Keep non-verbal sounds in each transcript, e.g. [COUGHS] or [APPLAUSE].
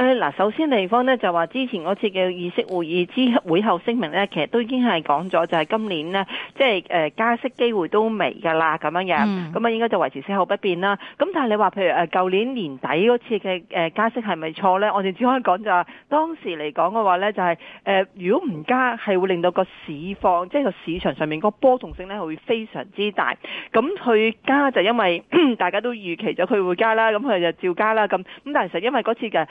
嗱，首先地方咧就話之前嗰次嘅議息會議之會後聲明咧，其實都已經係講咗，就係、是、今年呢，即、就、係、是、加息機會都未㗎啦，咁樣嘅，咁啊、嗯、應該就維持息口不變啦。咁但係你話譬如誒舊年年底嗰次嘅加息係咪錯咧？我哋只可以講就係、是、當時嚟講嘅話咧，就係、是呃、如果唔加係會令到個市況，即係個市場上面個波動性咧係會非常之大。咁佢加就因為大家都預期咗佢會加啦，咁佢就照加啦。咁咁但係其實因為嗰次嘅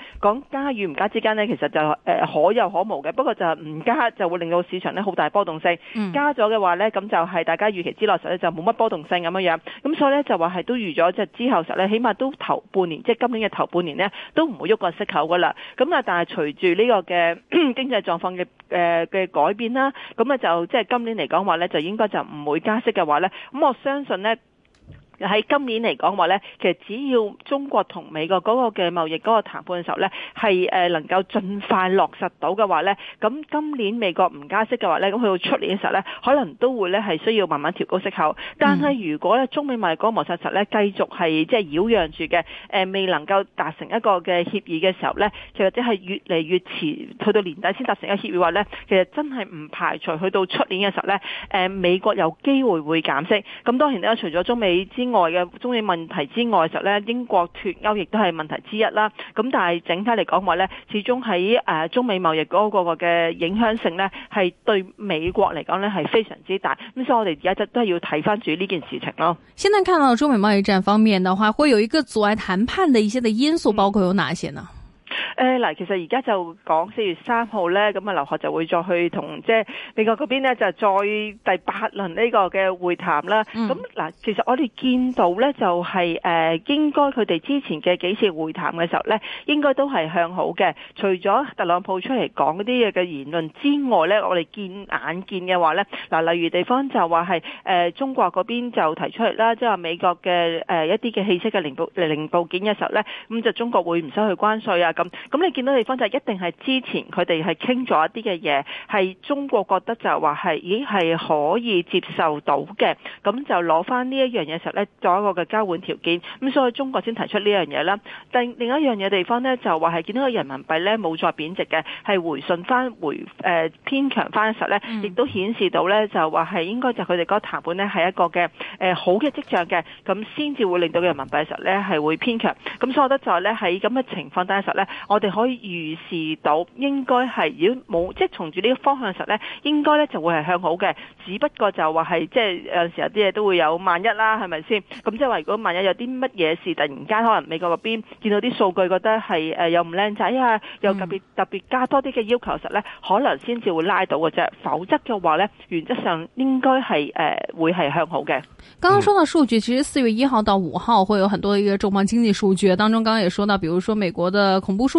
加與唔加之間咧，其實就可有可無嘅。不過就唔加就會令到市場咧好大波動性。嗯、加咗嘅話咧，咁就係大家預期之內實咧就冇乜波動性咁樣樣。咁所以咧就話係都預咗即係之後實咧，起碼都頭半年即係今年嘅頭半年咧都唔會喐個息口㗎喇。咁啊，但係隨住呢個嘅經濟狀況嘅誒嘅改變啦，咁啊就即係、就係、今年嚟講話咧，就應該就唔會加息嘅話咧，咁我相信咧。喺今年嚟講話呢，其實只要中國同美國嗰個嘅貿易嗰個談判嘅時候呢，係誒能夠儘快落實到嘅話呢。咁今年美國唔加息嘅話呢，咁去到出年嘅時候呢，可能都會呢係需要慢慢調高息口。但係如果呢中美貿易嗰個摩擦實呢，繼續係即係擾攘住嘅，誒未能夠達成一個嘅協議嘅時候呢，其實即係越嚟越遲，去到年底先達成嘅協議的話呢，其實真係唔排除去到出年嘅時候呢，誒美國有機會會減息。咁當然咧，除咗中美之外嘅中美問題之外，就咧英國脫歐亦都係問題之一啦。咁但係整體嚟講話，咧，始終喺誒中美貿易嗰個嘅影響性咧，係對美國嚟講咧係非常之大。咁所以我哋而家就都係要睇翻住呢件事情咯。先能看到中美貿易戰方面嘅話，會有一個阻礙談判的一些的因素，包括有哪些呢？嗱，其實而家就講四月三號咧，咁啊劉鶴就會再去同即係美國嗰邊呢，就再第八輪呢個嘅會談啦。咁嗱、嗯，其實我哋見到咧，就係誒應該佢哋之前嘅幾次會談嘅時候咧，應該都係向好嘅。除咗特朗普出嚟講嗰啲嘅言論之外咧，我哋見眼見嘅話咧，嗱例如地方就話係中國嗰邊就提出嚟啦，即、就、係、話、美國嘅一啲嘅汽車嘅零部零零部件嘅時候咧，咁就中國會唔收取關稅啊咁。咁你見到地方就一定係之前佢哋係傾咗一啲嘅嘢，係中國覺得就話係，咦係可以接受到嘅，咁就攞翻呢一樣嘢時候咧，作一個嘅交換條件，咁所以中國先提出呢樣嘢啦。但另一樣嘢地方咧，就話係見到個人民幣咧冇再貶值嘅，係回升翻回誒、呃、偏強翻嘅時候咧，亦、mm. 都顯示到咧就話係應該就佢哋嗰個談判咧係一個嘅、呃、好嘅跡象嘅，咁先至會令到嘅人民幣時候咧係會偏強。咁所以我覺得就係咧喺咁嘅情況底下時候咧，我我哋可以預示到應該，應該係如果冇即係從住呢個方向實咧，應該咧就會係向好嘅。只不過就話係即係有時有啲嘢都會有萬一啦，係咪先？咁即係話如果萬一有啲乜嘢事，突然間可能美國嗰邊見到啲數據，覺得係誒又唔靚仔啊，又特別特別加多啲嘅要求實咧，可能先至會拉到嘅啫。否則嘅話咧，原則上應該係誒會係向好嘅。剛剛講到數據，其實四月一號到五號會有很多一個重磅經濟數據，當中剛剛也說到，比如說美國的恐怖數。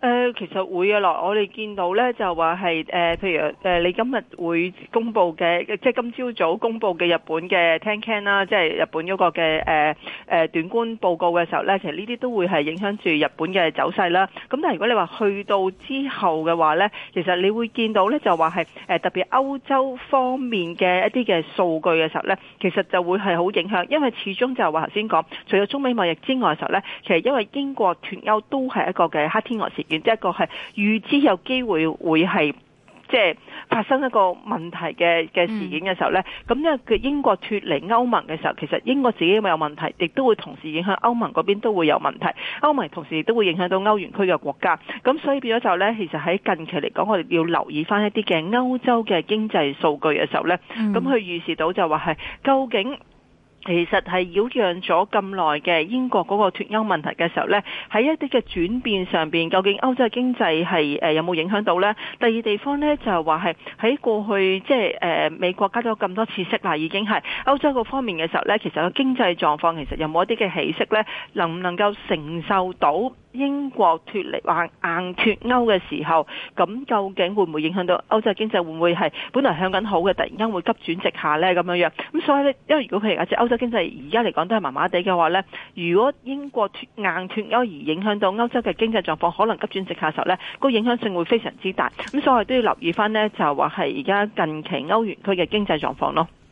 呃、其實會嘅咯，我哋見到咧就話係誒譬如誒、呃、你今日會公布嘅，即係今朝早公布嘅日本嘅 Tankan 啦，即係日本嗰個嘅誒、呃、短觀報告嘅時候咧，其實呢啲都會係影響住日本嘅走勢啦。咁但係如果你話去到之後嘅話咧，其實你會見到咧就話係、呃、特別歐洲方面嘅一啲嘅數據嘅時候咧，其實就會係好影響，因為始終就係話頭先講，除咗中美貿易之外嘅時候咧，其實因為英國脱歐都係一個嘅黑天鵝事然之後，係預知有機會會係即係發生一個問題嘅事件嘅時候呢。咁因為佢英國脫離歐盟嘅時候，其實英國自己咪有問題，亦都會同時影響歐盟嗰邊都會有問題，歐盟同時亦都會影響到歐元區嘅國家。咁所以變咗就呢，其實喺近期嚟講，我哋要留意翻一啲嘅歐洲嘅經濟數據嘅時候呢，咁佢預示到就話係究竟。其實係擾攘咗咁耐嘅英國嗰個脱歐問題嘅時候呢，喺一啲嘅轉變上邊，究竟歐洲嘅經濟係誒有冇影響到呢？第二地方呢，就係話係喺過去即係誒美國加咗咁多次息啦，已經係歐洲嗰方面嘅時候呢，其實個經濟狀況其實有冇一啲嘅起色呢？能唔能夠承受到？英國脱離或硬脱歐嘅時候，咁究竟會唔會影響到歐洲經濟？會唔會係本來向緊好嘅，突然間會急轉直下呢？咁樣樣咁，所以呢，因為如果譬如啊，係歐洲經濟而家嚟講都係麻麻地嘅話呢，如果英國脱硬脱歐而影響到歐洲嘅經濟狀況，可能急轉直下嘅時候呢，個影響性會非常之大。咁所以我哋都要留意返呢，就係話係而家近期歐元區嘅經濟狀況咯。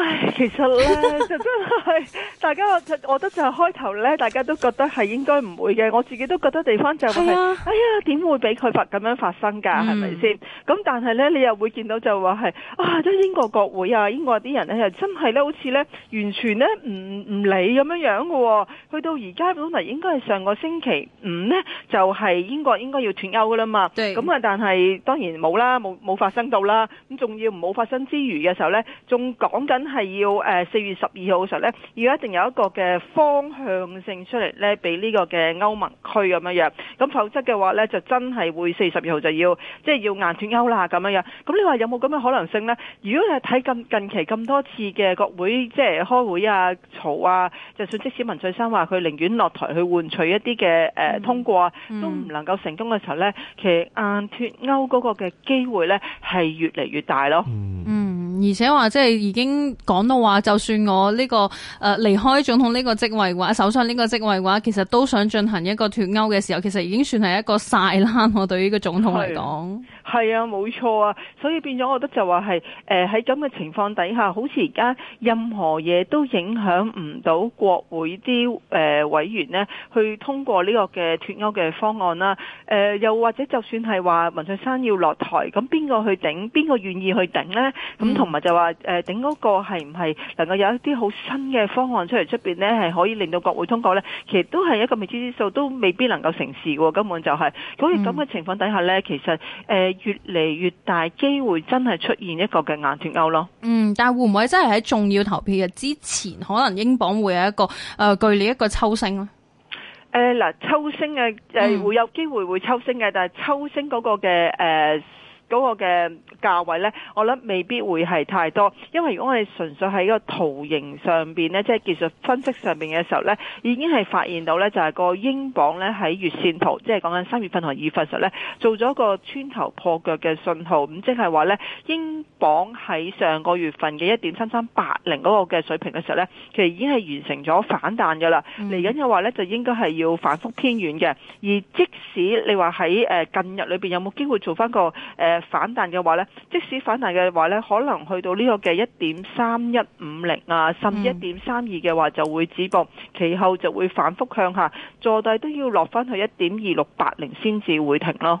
唉，其實咧就真係 [LAUGHS] 大家，我覺得就是、開頭咧，大家都覺得係應該唔會嘅。我自己都覺得地方就係、是，是啊、哎呀，點會俾佢發咁樣發生噶？係咪先？咁但係咧，你又會見到就話係啊，即係英國國會啊，英國啲人咧又真係咧，好似咧完全咧唔唔理咁樣樣嘅、哦。去到而家本來應該係上個星期五咧，就係、是、英國應該要脫歐噶啦嘛。咁啊對，但係當然冇啦，冇冇發生到啦。咁仲要唔冇發生之餘嘅時候咧，仲講緊。係要誒四、呃、月十二號嘅時候咧，要一定有一個嘅方向性出嚟咧，俾呢個嘅歐盟區咁樣樣。咁否則嘅話咧，就真係會四十二號就要即係要硬脫歐啦咁樣樣。咁你話有冇咁樣可能性呢？如果你睇近近期咁多次嘅國會即係開會啊、吵啊，就算即使文翠珊話佢寧願落台去換取一啲嘅、呃嗯、通過、啊，都唔能夠成功嘅時候咧，其實硬脫歐嗰個嘅機會咧係越嚟越大咯。嗯。而且話即係已經講到話，就算我呢、這個誒離、呃、開總統呢個職位話，首相呢個職位話，其實都想進行一個脫鈎嘅時候，其實已經算係一個晒冷。我對於個總統嚟講。係啊，冇錯啊，所以變咗，我覺得就話係誒喺咁嘅情況底下，好似而家任何嘢都影響唔到國會啲誒、呃、委員呢去通過呢個嘅脫歐嘅方案啦。誒、呃、又或者就算係話文翠珊要落台，咁邊個去頂？邊個願意去頂呢？咁同埋就話誒、呃、頂嗰個係唔係能夠有一啲好新嘅方案出嚟出面呢係可以令到國會通過呢，其實都係一個未知之數，都未必能夠成事嘅喎。根本就係咁咁嘅情況底下呢，其實、呃越嚟越大機會，真係出現一個嘅硬脫歐咯。嗯，但係會唔會真係喺重要投票嘅之前，可能英鎊會有一個誒劇烈一個抽升咧？誒、呃，嗱、啊，抽升嘅誒會有機會會抽升嘅，但係抽升嗰個嘅誒。呃嗰個嘅價位呢，我諗未必會係太多，因為如果我哋純粹喺一個圖形上面呢，即係技術分析上面嘅時候呢，已經係發現到呢，就係個英鎊呢喺月線圖，即係講緊三月份同二月份時候呢，做咗個穿頭破腳嘅信號，咁即係話呢，英鎊喺上個月份嘅一點三三八零嗰個嘅水平嘅時候呢，其實已經係完成咗反彈嘅啦。嚟緊嘅話呢，就應該係要反覆偏軟嘅。而即使你話喺誒近日裏面有冇機會做翻個、呃誒反彈嘅話，咧，即使反彈嘅話，咧，可能去到呢個嘅一點三一五零啊，甚至一點三二嘅話就會止步，其後就會反覆向下，坐底都要落翻去一點二六八零先至會停咯。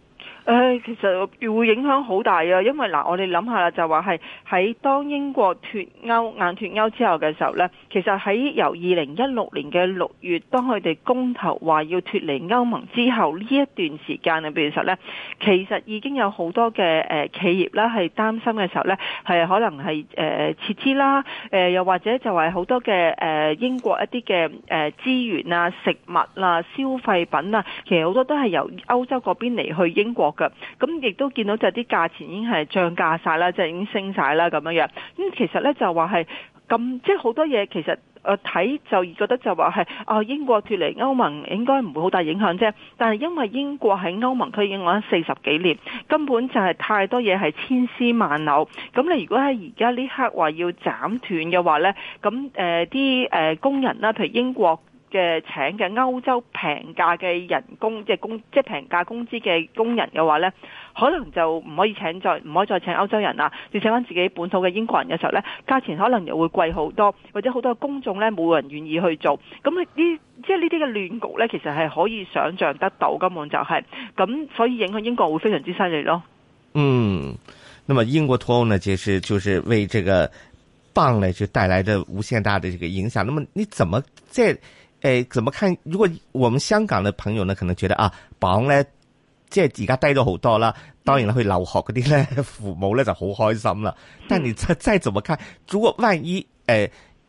誒、哎，其實會影響好大啊！因為嗱、啊，我哋諗下啦，就話係喺當英國脱歐、硬脱歐之後嘅時候呢，其實喺由二零一六年嘅六月，當佢哋公投話要脱離歐盟之後呢一段時間入邊嘅時候呢，其實已經有好多嘅誒、呃、企業啦，係擔心嘅時候呢，係可能係誒撤資啦，誒、呃、又或者就係好多嘅誒、呃、英國一啲嘅誒資源啊、食物啊、消費品啊，其實好多都係由歐洲嗰邊嚟去英國。咁亦、嗯、都見到就啲價錢已經係漲價晒啦，即係已經升晒啦咁樣樣。咁、嗯、其實咧就話係咁，即係好多嘢其實睇就覺得就話係啊英國脱離歐盟應該唔會好大影響啫。但係因為英國喺歐盟區已經玩咗四十幾年，根本就係太多嘢係千絲萬縷。咁你如果喺而家呢刻話要斬斷嘅話咧，咁啲、呃、工人啦，譬如英國嘅請嘅歐洲平價嘅人工，即係工即係平價工資嘅工人嘅話呢，可能就唔可以請再唔可以再請歐洲人啦，要請翻自己本土嘅英國人嘅時候呢，價錢可能又會貴好多，或者好多工種呢冇人願意去做，咁呢啲即係呢啲嘅亂局呢，其實係可以想像得到，根本就係咁，所以影響英國會非常之犀利咯。嗯，那麼英國脱歐呢，其實就是就是為這個棒呢，就帶來的無限大的這個影響。那麼，你怎麼在？誒，怎麼看？如果我們香港的朋友呢，可能覺得啊，榜咧，即係而家低咗好多啦。當然啦，去留學嗰啲咧，父母咧就好開心啦。但你再再怎麼看，如果萬一誒。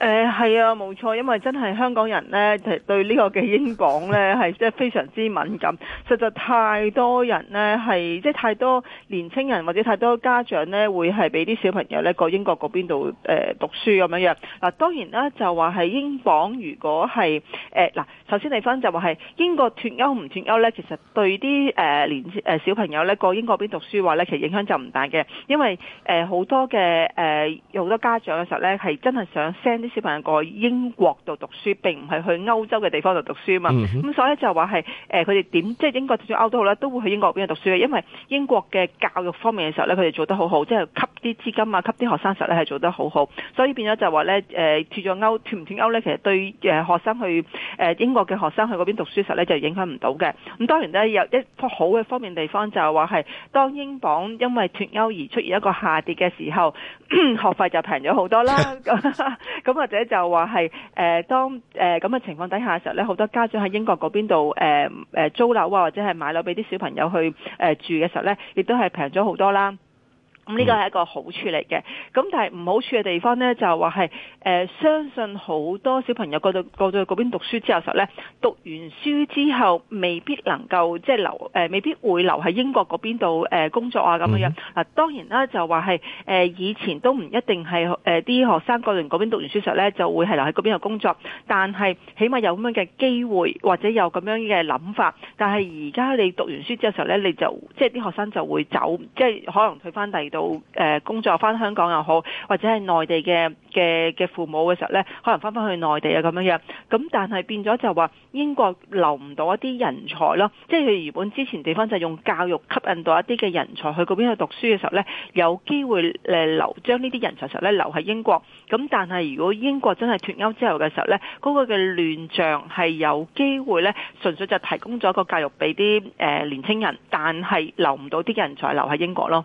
誒係、呃、啊，冇錯，因為真係香港人咧，對這個呢個嘅英鎊咧係即係非常之敏感，實在太多人咧係即係太多年青人，或者太多家長咧，會係俾啲小朋友咧過英國嗰邊度誒讀書咁樣樣。嗱，當然啦，就話係英鎊如果係誒嗱。呃首先嚟翻就話係英國脫歐。唔脫歐咧，其實對啲誒年誒小朋友咧過英國邊讀書嘅話咧，其實影響就唔大嘅，因為誒好、呃、多嘅誒有好多家長嘅時候咧，係真係想 send 啲小朋友過英國度讀書，並唔係去歐洲嘅地方度讀書啊嘛。咁、嗯、哼所以就話係誒佢哋點即係英國脫歐都好啦，都會去英國邊度讀書嘅，因為英國嘅教育方面嘅時候咧，佢哋做得好好，即係吸啲資金啊，吸啲學生時候咧係做得好好，所以變咗就話咧誒脫咗歐，脫唔脫歐咧，其實對誒、呃、學生去誒、呃、英國。嘅學生去嗰邊讀書時咧就影響唔到嘅，咁當然咧有一好嘅方面地方就話係當英鎊因為脫歐而出現一個下跌嘅時候， [COUGHS] 學費就平咗好多啦。咁 [LAUGHS] 或者就話係、呃、當誒咁嘅情況底下嘅時候咧，好多家長喺英國嗰邊度租樓啊，或者係買樓俾啲小朋友去、呃、住嘅時候咧，亦都係平咗好多啦。咁呢個係一個好處嚟嘅，咁但係唔好處嘅地方呢，就話、是、係、呃、相信好多小朋友過到過到嗰邊讀書之後時候呢，讀完書之後未必能夠即係留、呃、未必會留喺英國嗰邊度工作啊咁樣。嗱、嗯、當然啦，就話係、呃、以前都唔一定係啲、呃、學生過嚟嗰邊讀完書時候呢就會係留喺嗰邊度工作。但係起碼有咁樣嘅機會或者有咁樣嘅諗法。但係而家你讀完書之後時候呢，你就即係啲學生就會走，即係可能退返第二度。做工作翻香港又好，或者係內地嘅嘅嘅父母嘅時候呢，可能翻返去內地啊咁樣樣咁，但係變咗就話英國留唔到一啲人才咯，即係佢原本之前地方就用教育吸引到一啲嘅人才去嗰邊去讀書嘅時候呢，有機會誒留將呢啲人才嘅時候呢留喺英國。咁但係如果英國真係脫歐之後嘅時候呢，嗰個嘅亂象係有機會呢，純粹就提供咗一個教育俾啲誒年輕人，但係留唔到啲人才留喺英國咯。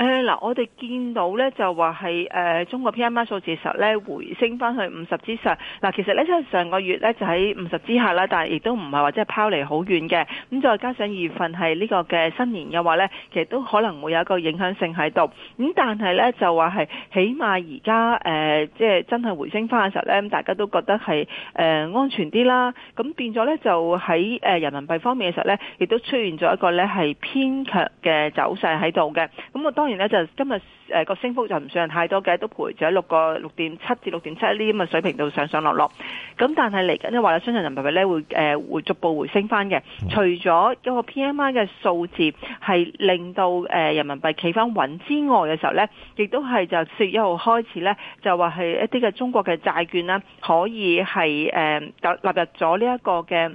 嗱、呃，我哋見到咧就話係、呃、中國 PMI 數字嘅時咧，回升翻去五十之上。嗱、呃，其實咧即係上個月咧就喺五十之下啦，但係亦都唔係話即係拋離好遠嘅。咁、嗯、再加上二月份係呢個嘅新年嘅話咧，其實都可能會有一個影響性喺度。咁、嗯、但係咧就話係起碼而家即係真係回升翻嘅時候咧，咁大家都覺得係、呃、安全啲啦。咁、嗯、變咗咧就喺人民幣方面嘅時候咧，亦都出現咗一個咧係偏強嘅走勢喺度嘅。咁、嗯、當咧就今日誒個升幅就唔算係太多嘅，都賠咗六個六點七至六點七呢啲咁嘅水平度上上落落。咁但係嚟緊咧話，相信人民幣咧會誒會逐步回升翻嘅。除咗一個 PMI 嘅數字係令到誒人民幣企翻穩之外嘅時候咧，亦都係就四月一號開始咧就話係一啲嘅中國嘅債券啦，可以係誒納入咗呢一個嘅。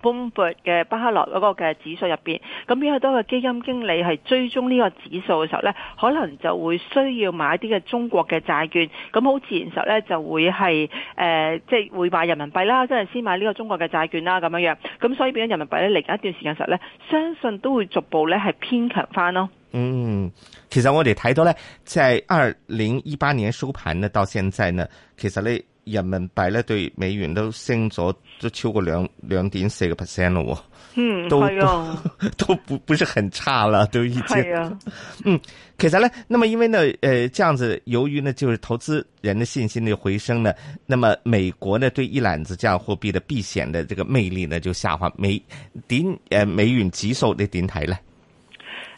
崩盤嘅巴克羅嗰個嘅指數入邊，咁咁多嘅基金經理係追蹤呢個指數嘅時候咧，可能就會需要買啲嘅中國嘅債券，咁好自然實咧就會係誒，即係會買人民幣啦，即係先買呢個中國嘅債券啦咁樣樣，咁所以變咗人民幣咧嚟緊一段時間實咧，相信都會逐步咧係偏強翻咯。嗯，其實我哋睇到咧，即係二零一八年收盤呢，到現在呢，其實咧。人民幣咧對美元都升咗，都超過兩兩點四個 percent 咯。嗯，都係、哎、呦都不不是很差啦，都已經嗯，其實咧，那麼因為呢，誒、呃，這樣子，由於呢，就是投資人的信心的回升呢，那麼美國呢對一攬子這樣貨幣的避險的這個魅力呢就下滑，美頂誒、呃、美元棘手的頂台咧。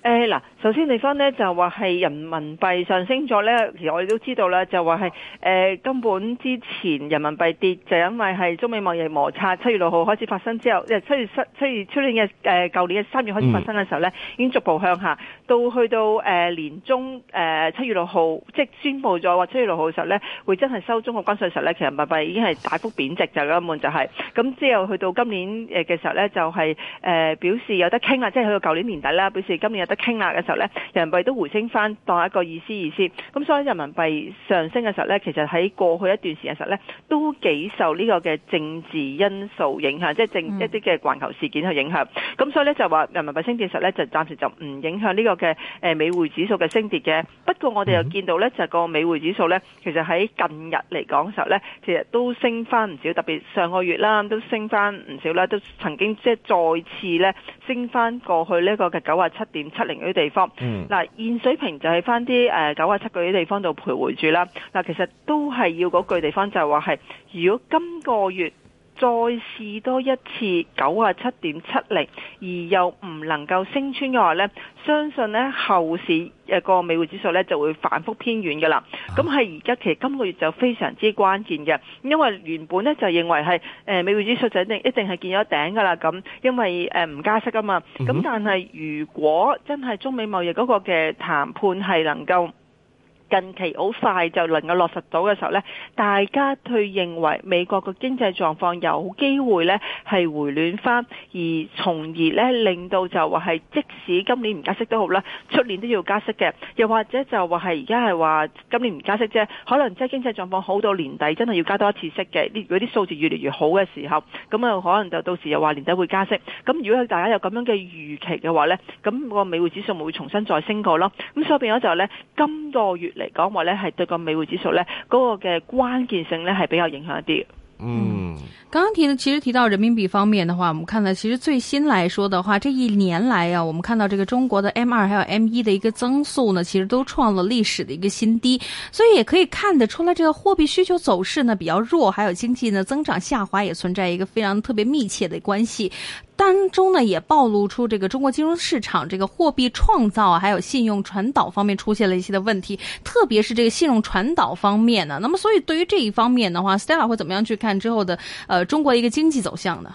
誒嗱、哎。首先地方呢，就話係人民幣上升咗呢。其實我哋都知道啦，就話係誒根本之前人民幣跌就因為係中美貿易摩擦，七月六號開始發生之後，即、呃、七月七七月初年嘅誒舊年嘅三月開始發生嘅時候呢，已經逐步向下，到去到誒、呃、年中誒七、呃、月六號即係宣布咗話七月六號嘅時候呢，會真係收中國關稅嘅時候呢，其實人民幣已經係大幅貶值就咁、根本就係、是，咁之後去到今年嘅時候呢，就係、是呃、表示有得傾啦，即係去到舊年年底啦，表示今年有得傾啦。人民幣都回升翻當一個意思意思。咁所以人民幣上升嘅時候咧，其實喺過去一段時間時候咧都幾受呢個嘅政治因素影響，即係政一啲嘅環球事件去影響。咁所以咧就話人民幣升跌時候咧就暫時就唔影響呢個嘅誒美匯指數嘅升跌嘅。不過我哋又見到咧就係個美匯指數咧，其實喺近日嚟講時候咧，其實都升翻唔少，特別上個月啦都升翻唔少啦，都曾經即係再次咧升翻過去呢個嘅九啊七點七零嗰啲地方。嗱，嗯、現水平就係翻啲誒九啊七嗰啲地方度徘徊住啦。嗱，其實都係要嗰句地方就係話：係如果今個月，再試多一次九十七點七零，70，而又唔能夠升穿嘅話呢，相信呢後市個美匯指數呢就會反覆偏軟㗎啦。咁係而家其實今個月就非常之關鍵嘅，因為原本呢就認為係美匯指數就一定一定係見咗頂噶啦，咁，因為唔加息噶嘛。咁、mm hmm。但係如果真係中美貿易嗰個嘅談判係能夠，近期好快就能夠落實到嘅時候呢，大家去認為美國嘅經濟狀況有機會呢，係回暖翻，而從而呢令到就話係即使今年唔加息都好啦，出年都要加息嘅，又或者就話係而家係話今年唔加息啫，可能即係經濟狀況好到年底真係要加多一次息嘅。如果啲數字越嚟越好嘅時候，咁啊可能就到時又話年底會加息。咁如果大家有咁樣嘅預期嘅話呢，咁個美匯指數咪會重新再升過咯。咁所以變咗就係呢今個月。嚟講話呢，係對個美匯指數呢，嗰個嘅關鍵性呢，係比較影響一啲。嗯，剛剛提到，其實提到人民幣方面的話，我們看到其實最新來說的話，這一年來啊，我們看到這個中國的 M 二還有 M 一的一個增速呢，其實都創了歷史的一個新低，所以也可以看得出來，這個貨幣需求走勢呢比較弱，還有經濟呢增長下滑，也存在一個非常特別密切的關係。當中呢也暴露出這個中國金融市場這個貨幣創造啊，啊還有信用傳導方面出現了一些的問題，特別是這個信用傳導方面呢、啊。那麼所以對於這一方面的話，Stella 會怎麼樣去看之後的，呃，中國一個經濟走向呢？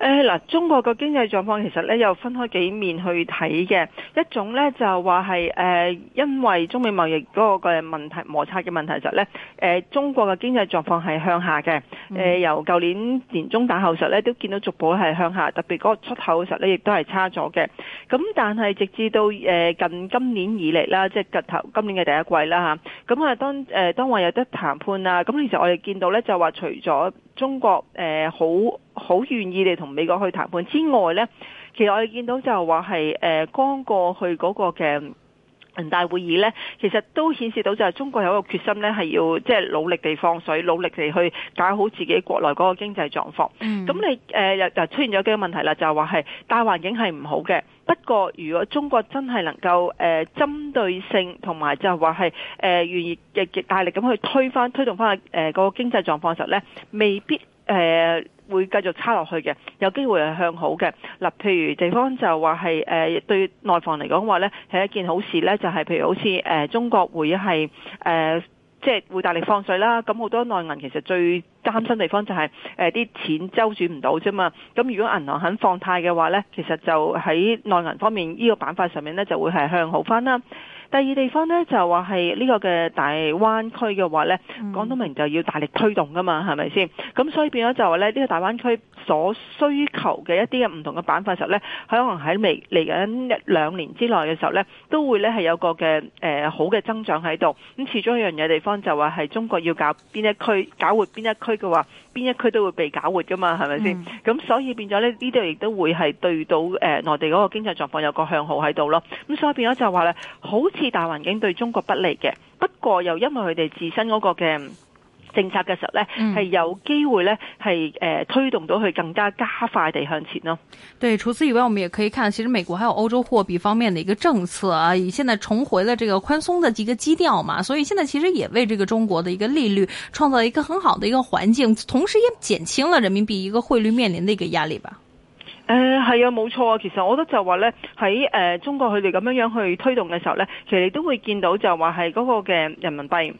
誒嗱，中國個經濟狀況其實咧又分開幾面去睇嘅，一種咧就話係誒因為中美貿易嗰個嘅問題摩擦嘅問題就咧、是，誒、呃、中國嘅經濟狀況係向下嘅。誒、嗯呃、由舊年年中打後實咧，都見到逐步係向下，特別嗰個出口實咧，亦都係差咗嘅。咁但係直至到、呃、近今年以嚟啦，即係頭今年嘅第一季啦嚇，咁啊當誒、呃、當話有得談判啊，咁其實我哋見到咧就話，除咗中國誒好好願意地同美國去談判之外咧，其實我哋見到就話係剛過去嗰個嘅。人大會議呢，其實都顯示到就係中國有一個決心呢，係要即係、就是、努力地放水，努力地去搞好自己國內嗰個經濟狀況。咁、mm. 你誒、呃、又就出現咗幾個問題啦，就話、是、係大環境係唔好嘅。不過如果中國真係能夠誒、呃、針對性同埋就話係誒願意嘅嘅大力咁去推翻推動翻誒嗰個經濟狀況嘅時候呢，未必誒。呃會繼續差落去嘅，有機會係向好嘅。嗱、啊，譬如地方就話係誒對內房嚟講話咧，係一件好事咧，就係、是、譬如好似誒、呃、中國會係誒即係會大力放水啦。咁好多內銀其實最擔心地方就係誒啲錢周轉唔到啫嘛。咁如果銀行肯放貸嘅話咧，其實就喺內銀方面呢個板塊上面咧，就會係向好翻啦。第二地方咧就話係呢個嘅大灣區嘅話咧，廣、嗯、東明就要大力推動噶嘛，係咪先？咁所以變咗就話咧，呢個大灣區。所需求嘅一啲嘅唔同嘅板塊時候呢，佢可能喺未嚟緊一兩年之內嘅時候呢，都會呢係有個嘅誒、呃、好嘅增長喺度。咁始終一樣嘢地方就話，係中國要搞邊一區，搞活邊一區嘅話，邊一區都會被搞活噶嘛，係咪先？咁、mm. 所以變咗咧，呢度亦都會係對到誒內、呃、地嗰個經濟狀況有個向好喺度咯。咁所以變咗就話呢，好似大環境對中國不利嘅，不過又因為佢哋自身嗰個嘅。政策嘅時候呢係、嗯、有機會呢係誒、呃、推動到佢更加加快地向前咯、哦。對，除此以外，我們也可以看，其實美國還有歐洲貨幣方面的一個政策啊，以現在重回了這個寬鬆的一個基調嘛，所以現在其實也為這個中國的一個利率創造一個很好的一個環境，同時也減輕了人民幣一個匯率面臨的一個壓力吧。誒、呃，係啊，冇錯啊。其實我覺得就話呢喺誒、呃、中國佢哋咁樣樣去推動嘅時候呢，其實你都會見到就話係嗰個嘅人民幣。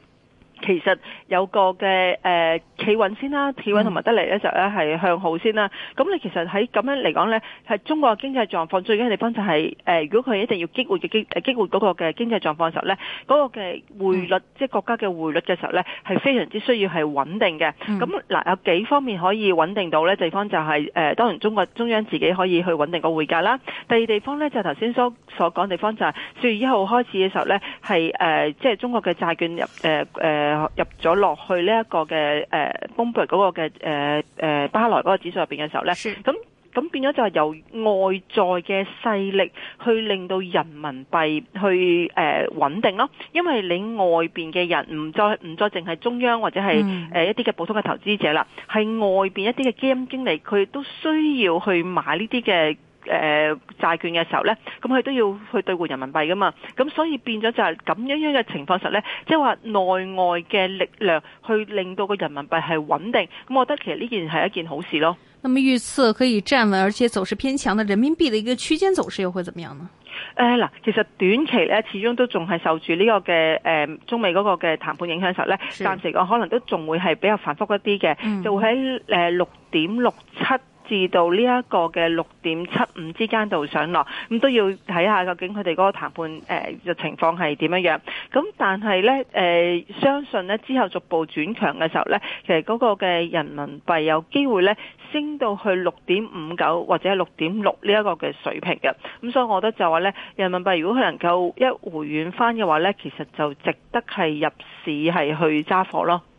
其實有個嘅誒、呃、企穩先啦，企穩同埋得嚟咧就咧、是、係向好先啦。咁你其實喺咁樣嚟講咧，係中國嘅經濟狀況最緊嘅地方就係、是、誒、呃，如果佢一定要激活嘅激激活嗰個嘅經濟狀況嘅時候咧，嗰、那個嘅匯率即係、嗯、國家嘅匯率嘅時候咧，係非常之需要係穩定嘅。咁嗱、嗯呃、有幾方面可以穩定到咧？地方就係、是、誒、呃，當然中國中央自己可以去穩定個匯價啦。第二地方咧就頭、是、先所所講地方就係四月一號開始嘅時候咧，係即、呃就是、中國嘅債券入、呃呃入咗落去呢一個嘅誒，彭博嗰個嘅誒誒，巴萊嗰個指數入邊嘅時候呢，咁咁變咗就係由外在嘅勢力去令到人民幣去誒穩定咯，因為你外邊嘅人唔再唔再淨係中央或者係誒一啲嘅普通嘅投資者啦，係、嗯、外邊一啲嘅基金經理，佢都需要去買呢啲嘅。誒、呃、債券嘅時候咧，咁佢都要去兌換人民幣噶嘛，咁所以變咗就係咁樣樣嘅情況實咧，即係話內外嘅力量去令到個人民幣係穩定，咁我覺得其實呢件係一件好事咯。咁預測可以站穩，而且走勢偏強嘅人民幣嘅一個區間走勢又會點樣呢？誒嗱、呃，其實短期咧，始終都仲係受住呢個嘅誒、呃、中美嗰個嘅談判影響實咧，是暫時講可能都仲會係比較繁複一啲嘅，嗯、就會喺誒六點六七。至到呢一個嘅六點七五之間度上落，咁都要睇下究竟佢哋嗰個談判嘅、呃、情況係點樣樣。咁但係呢、呃，相信呢之後逐步轉強嘅時候呢，其實嗰個嘅人民幣有機會呢升到去六點五九或者係六點六呢一個嘅水平嘅。咁所以我覺得就話呢人民幣如果佢能夠一回軟翻嘅話呢，其實就值得係入市係去揸貨咯。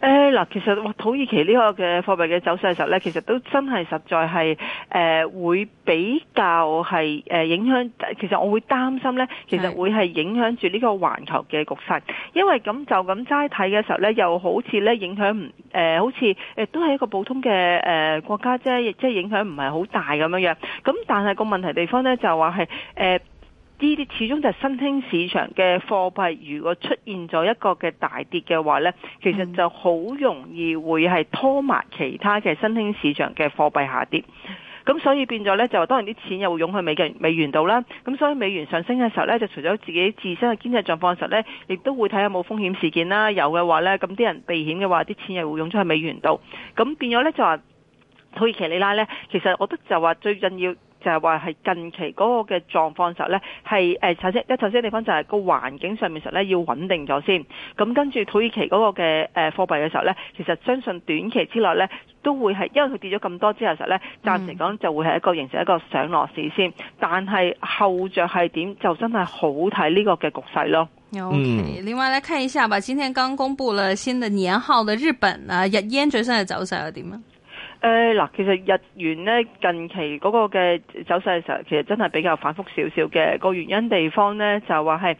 誒，嗱、哎，其實土耳其呢個嘅貨幣嘅走勢嘅時候呢，其實都真係實在係誒、呃，會比較係誒影響。其實我會擔心呢，其實會係影響住呢個環球嘅局勢，因為咁就咁齋睇嘅時候呢，又好似呢影響唔誒，好似誒都係一個普通嘅誒、呃、國家啫，即係影響唔係好大咁樣樣。咁但係個問題的地方呢，就話係誒。呃呢啲始終就係新興市場嘅貨幣，如果出現咗一個嘅大跌嘅話呢，其實就好容易會係拖埋其他嘅新興市場嘅貨幣下跌。咁所以變咗呢，就話，當然啲錢又會湧去美嘅美元度啦。咁所以美元上升嘅時候呢，就除咗自己自身嘅經濟狀況嘅時候呢，亦都會睇下有冇風險事件啦。有嘅話呢，咁啲人避險嘅話，啲錢又會湧出去美元度。咁變咗呢，就話土耳其里拉呢，其實我覺得就話最近要。就係話係近期嗰個嘅狀況時候咧，係誒、呃、首先一頭先地方就係個環境上面時候咧，要穩定咗先。咁跟住土耳其嗰個嘅誒貨幣嘅時候咧，其實相信短期之內呢，都會係因為佢跌咗咁多之後實咧，暫時嚟講就會係一個形成一個上落市先。但係後著係點，就真係好睇呢個嘅局勢囉。OK，另外嚟看一下吧。今天剛公布了新的年號嘅日本啊，日元最新嘅走勢係點啊？誒，嗱、呃，其實日元咧近期嗰個嘅走勢嘅時候，其實真係比較反復少少嘅，個原因地方咧就話係。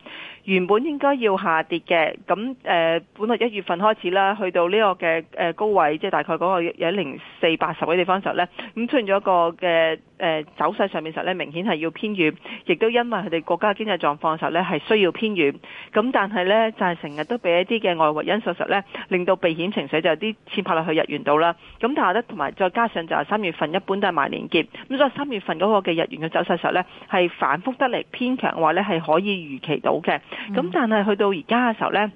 原本應該要下跌嘅，咁誒、呃、本來一月份開始啦，去到呢個嘅高位，即係大概嗰個有一零四八十嘅地方時候咧，咁出現咗一個嘅、呃、走勢上面時候咧，明顯係要偏軟，亦都因為佢哋國家經濟狀況時候咧，係需要偏軟。咁但係咧，就係成日都俾一啲嘅外圍因素實咧，令到避險情緒就有啲切拍落去日元度啦。咁但係咧，同埋再加上就係三月份一般都係埋連結，咁所以三月份嗰個嘅日元嘅走勢時候咧，係反覆得嚟偏強嘅話咧，係可以預期到嘅。咁、嗯、但係去到而家嘅時候呢，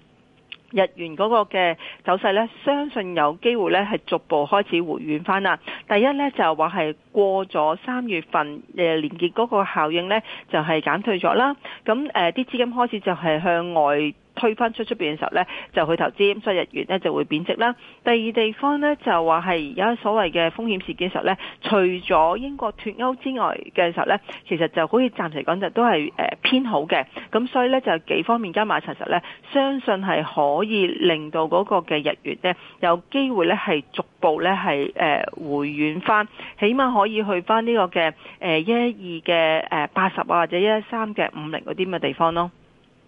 日元嗰個嘅走勢呢，相信有機會呢係逐步開始回暖翻啦。第一呢，就話係過咗三月份年結嗰個效應呢，就係、是、減退咗啦。咁誒，啲資金開始就係向外。推翻出出邊嘅時候咧，就去投資，咁所以日元咧就會貶值啦。第二地方咧就話係而家所謂嘅風險事件時候咧，除咗英國脫歐之外嘅時候咧，其實就好似暫時講就都係偏好嘅，咁所以咧就幾方面加埋其實咧，相信係可以令到嗰個嘅日元咧有機會咧係逐步咧係回軟翻，起碼可以去翻呢個嘅誒一一二嘅誒八十啊或者一三嘅五零嗰啲咁嘅地方咯。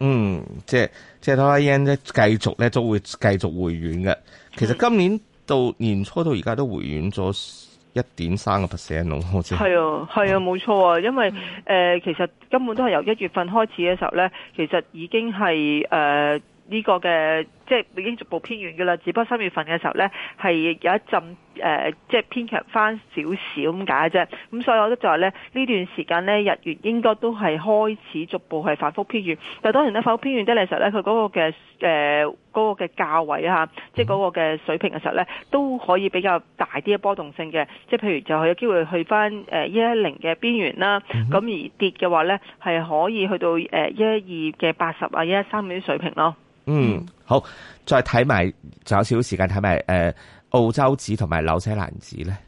嗯，即係即係拉丁咧，繼續咧都會繼續回軟嘅。嗯、其實今年到年初到而家都回軟咗一點三個 percent 咯。好似係啊，係啊，係啊，冇錯啊。嗯、因為誒、呃，其實根本都係由一月份開始嘅時候咧，其實已經係誒呢個嘅，即係已經逐步偏軟噶啦。只不過三月份嘅時候咧，係有一陣。誒、呃，即係偏強翻少少咁解啫。咁所以我都就係咧，呢段時間咧，日元應該都係開始逐步係反覆偏弱。但當當然咧，反覆偏弱啲嘅時候咧，佢嗰個嘅誒嗰個嘅價位啊，即係嗰個嘅水平嘅時候咧，都可以比較大啲嘅波動性嘅。即係譬如就係有機會去翻誒一一零嘅邊緣啦。咁、嗯、而跌嘅話咧，係可以去到誒一一二嘅八十啊一一三嗰啲水平咯。嗯，好，再睇埋，仲有少少時間睇埋誒。呃澳洲紙同埋紐西蘭紙咧。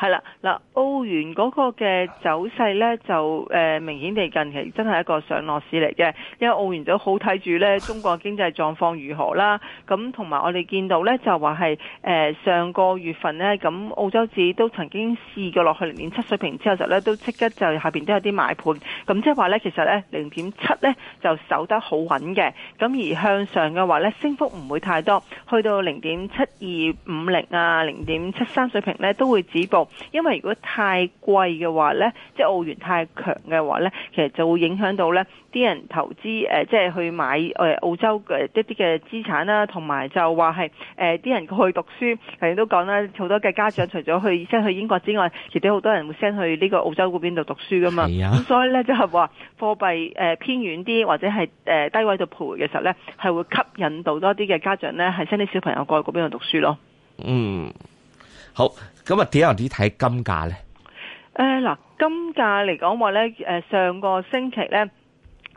係啦，嗱澳元嗰個嘅走勢咧就誒、呃、明顯地近期真係一個上落市嚟嘅，因為澳元就好睇住咧中國經濟狀況如何啦，咁同埋我哋見到咧就話係、呃、上個月份呢，咁澳洲紙都曾經試過落去零點七水平之後就咧都即刻就下面都有啲買盤，咁即係話咧其實咧零點七咧就守得好穩嘅，咁而向上嘅話咧升幅唔會太多，去到零點七二五零啊零點七三水平咧都會止步。因為如果太貴嘅話呢，即係澳元太強嘅話呢，其實就會影響到呢啲人投資誒、呃，即係去買誒、呃、澳洲嘅一啲嘅資產啦，同埋就話係誒啲人去讀書，頭先都講啦，好多嘅家長除咗去 send 去英國之外，其實好多人會 send 去呢個澳洲嗰邊度讀書噶嘛。咁、啊、所以呢，就係話貨幣誒偏遠啲或者係誒低位度徘徊嘅時候呢，係會吸引到多啲嘅家長呢，係 send 啲小朋友過去嗰邊度讀書咯。嗯，好。咁啊，點樣啲睇金價咧？誒，嗱，金價嚟講話咧，誒，上個星期咧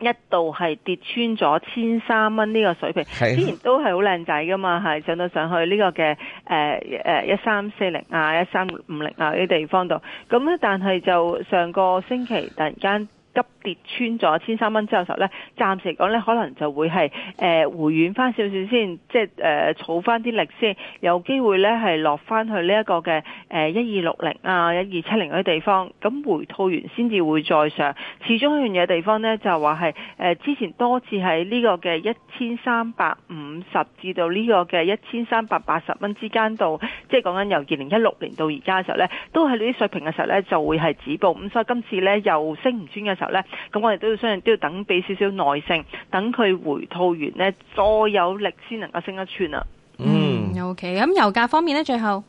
一度係跌穿咗千三蚊呢個水平，的之前都係好靚仔噶嘛，係上到上去呢個嘅誒誒一三四零啊，一三五零啊啲地方度，咁咧但係就上個星期突然間急。跌穿咗千三蚊之後嘅時候咧，暫時嚟講咧，可能就會係誒、呃、回軟翻少少先，即係誒、呃、儲翻啲力先，有機會咧係落翻去呢一個嘅誒一二六零啊、一二七零嗰啲地方，咁回套回吐完先至會再上。始終呢樣嘢地方咧就話係誒之前多次喺呢個嘅一千三百五十至到呢個嘅一千三百八十蚊之間度，即係講緊由二零一六年到而家嘅時候咧，都係呢啲水平嘅時候咧就會係止步。咁所以今次咧又升唔穿嘅時候咧。咁我哋都要相信，都要等俾少少耐性，等佢回吐完呢，再有力先能夠升一寸啦。嗯、mm.，OK。咁油價方面呢，最後，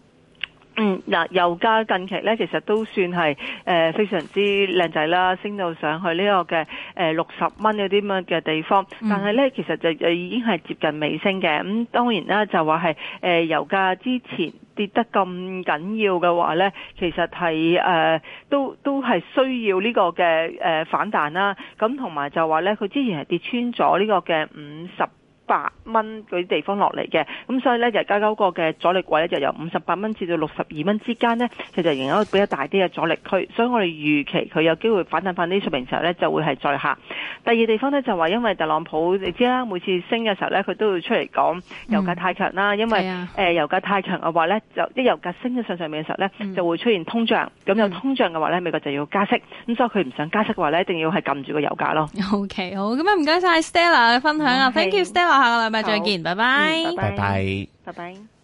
嗯嗱，油價近期呢，其實都算係誒、呃、非常之靚仔啦，升到上去呢個嘅誒六十蚊嗰啲咁嘅地方，但係呢，其實就已經係接近尾聲嘅咁。當然啦，就話係誒油價之前。跌得咁緊要嘅話咧，其實係誒、呃、都都係需要這個、啊、呢個嘅誒反彈啦。咁同埋就話咧，佢之前係跌穿咗呢個嘅五十。八蚊嗰啲地方落嚟嘅，咁所以呢，就交交個嘅阻力位呢，就由五十八蚊至到六十二蚊之間呢，其實仍有比較大啲嘅阻力區，所以我哋預期佢有機會反彈翻啲水平時候呢，就會係再下。第二地方呢，就話因為特朗普你知啦，每次升嘅時候呢，佢都會出嚟講油價太強啦，嗯、因為誒、啊呃、油價太強嘅話呢，就一油價升得上上面嘅時候呢，嗯、就會出現通脹，咁有通脹嘅話呢，嗯、美國就要加息，咁所以佢唔想加息嘅話呢，一定要係撳住個油價咯。O、okay, K 好，咁啊唔該晒 Stella 嘅分享啊 Okay.，Thank you Stella。好，下個禮拜再見，拜拜，拜拜，拜拜。